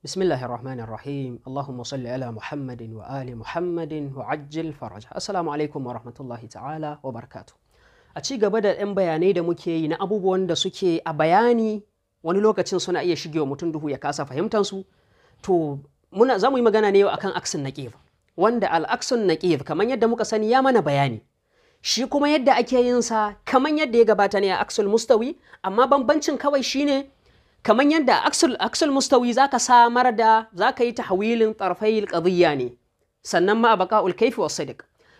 بسم الله الرحمن الرحيم اللهم صل على محمد وآل محمد وعجل فرجه السلام عليكم ورحمة ta'ala wa وبركاته a ci gaba da 'yan bayanai da muke yi na abubuwan da suke a bayani wani lokacin suna iya shige shigewa mutum duhu ya kasa fahimtansu to muna za mu yi magana ne a akan aksin naqif wanda al-aksun naqif kamar yadda muka sani ya mana bayani shi kuma yadda ake yin sa kamar yadda ya gabata ne a aksul mustawi amma bambancin kawai shine kamar yadda aksul mustawi ka samar da za ka yi tahwilin tarfai qadiyya ne sannan ma abqa ul kayfi wasu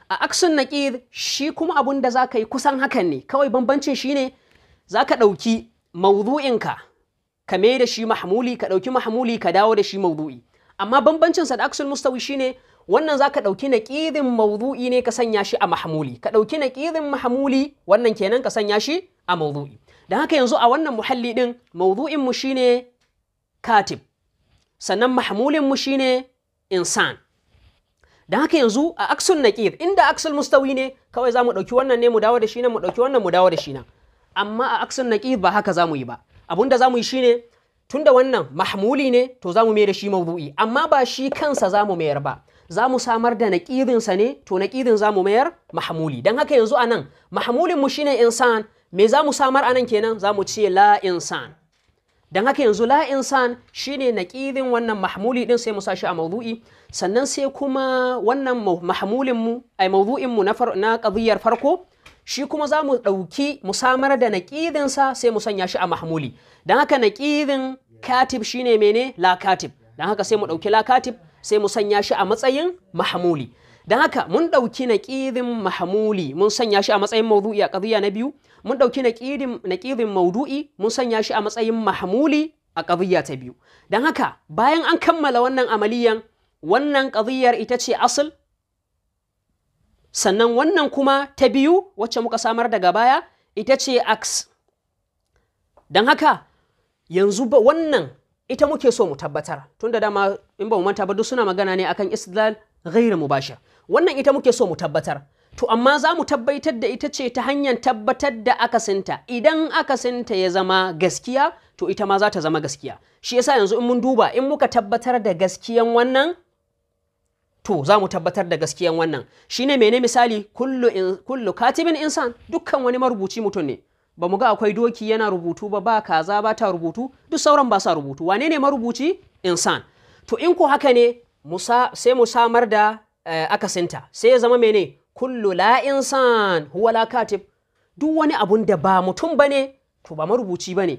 a aksun naqid shi kuma abun da ka yi kusan hakan ne kawai bambancin za ka ɗauki mawdu'inka ka mai da shi mahmuli ka ɗauki mahmuli ka dawo da shi mawdu'i amma bambancin sa da aksul mustawi ne wannan za ka ɗauki naƙidin mawdu'i ne ka sanya shi a mahmuli ka ɗauki naƙidin mahmuli wannan kenan ka sanya shi a mawdu'i don haka yanzu a wannan muhalli ɗin mawdu'in mu shine katib sannan mahmulin mu shine insan don haka yanzu a aksul naqir inda aksul mustawi ne kawai zamu mu ɗauki wannan ne mu dawo da shi nan mu ɗauki wannan mu dawo da shi nan amma a aksul naqir ba haka za yi ba Abunda da za yi shine tunda wannan mahmuli ne to za mai da shi mawdu'i amma ba shi kansa zamu mayar ba za mu samar da naƙirinsa ne to naƙirin za mu mayar mahmuli don haka yanzu a nan mahmulin mu shine insan me za mu samar anan kenan za mu ce la insan don haka yanzu la insan shine naƙirin wannan mahmuli din sai mu sa shi a maudu'i. sannan sai kuma wannan mahmulin mu ai mu na na farko shi kuma za mu ɗauki mu samar da naƙirin sa sai mu sanya shi a mahmuli don haka naƙirin katib shine mene la katib don haka sai mu ɗauki la katib sai mu sanya shi a matsayin mahmuli don haka mun ɗauki naƙirin mahamuli mun sanya shi a matsayin maudu'i a ƙadiyya na biyu mun ɗauki naƙirin maudu'i mun sanya shi a matsayin mahamuli a ƙadiyya ta biyu don haka bayan an kammala wannan amaliyan wannan ƙadiyyar ita ce asal sannan wannan kuma ta biyu wacce muka samar daga baya ita ce ax. don haka yanzu ba wannan ita muke so mu tabbatar tunda dama in ba mu manta ba duk suna magana ne akan istidlal ghairu mubashir wannan ita muke so mu tabbatar to amma za mu tabbatar da ita ce ta hanyar tabbatar da akasinta idan akasinta ya zama gaskiya to ita ma za ta zama gaskiya shi yasa yanzu in mun duba in muka tabbatar da gaskiyan wannan to za mu tabbatar da gaskiyan wannan shine mene misali kullu in, kullu katibin insan dukkan wani marubuci mutum ne ba mu ga akwai doki yana rubutu ba ba kaza ba ta rubutu duk sauran ba sa rubutu wane ne marubuci insan to in ko haka ne sai mu samar da eh, akasinta sai ya zama mene kullu la insan huwa la katib duk wani abun da ba mutum bane to ba marubuci bane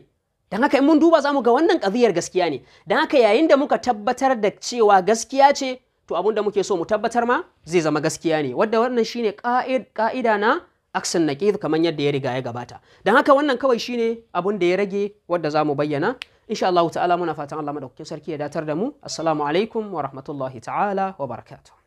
dan haka in mun duba zamu ga wannan kaziyar gaskiya ne dan haka yayin da muka tabbatar da cewa gaskiya ce to abun da muke so mu tabbatar ma zai zama gaskiya ne wadda wannan shine qa'ida na aksin naqid kamar yadda ya riga ya gabata dan haka wannan kawai shine abun da ya rage wadda zamu bayyana insha Allah ta'ala muna fatan Allah madaukakin sarki ya datar da mu assalamu alaikum wa rahmatullahi ta'ala wa barakatuh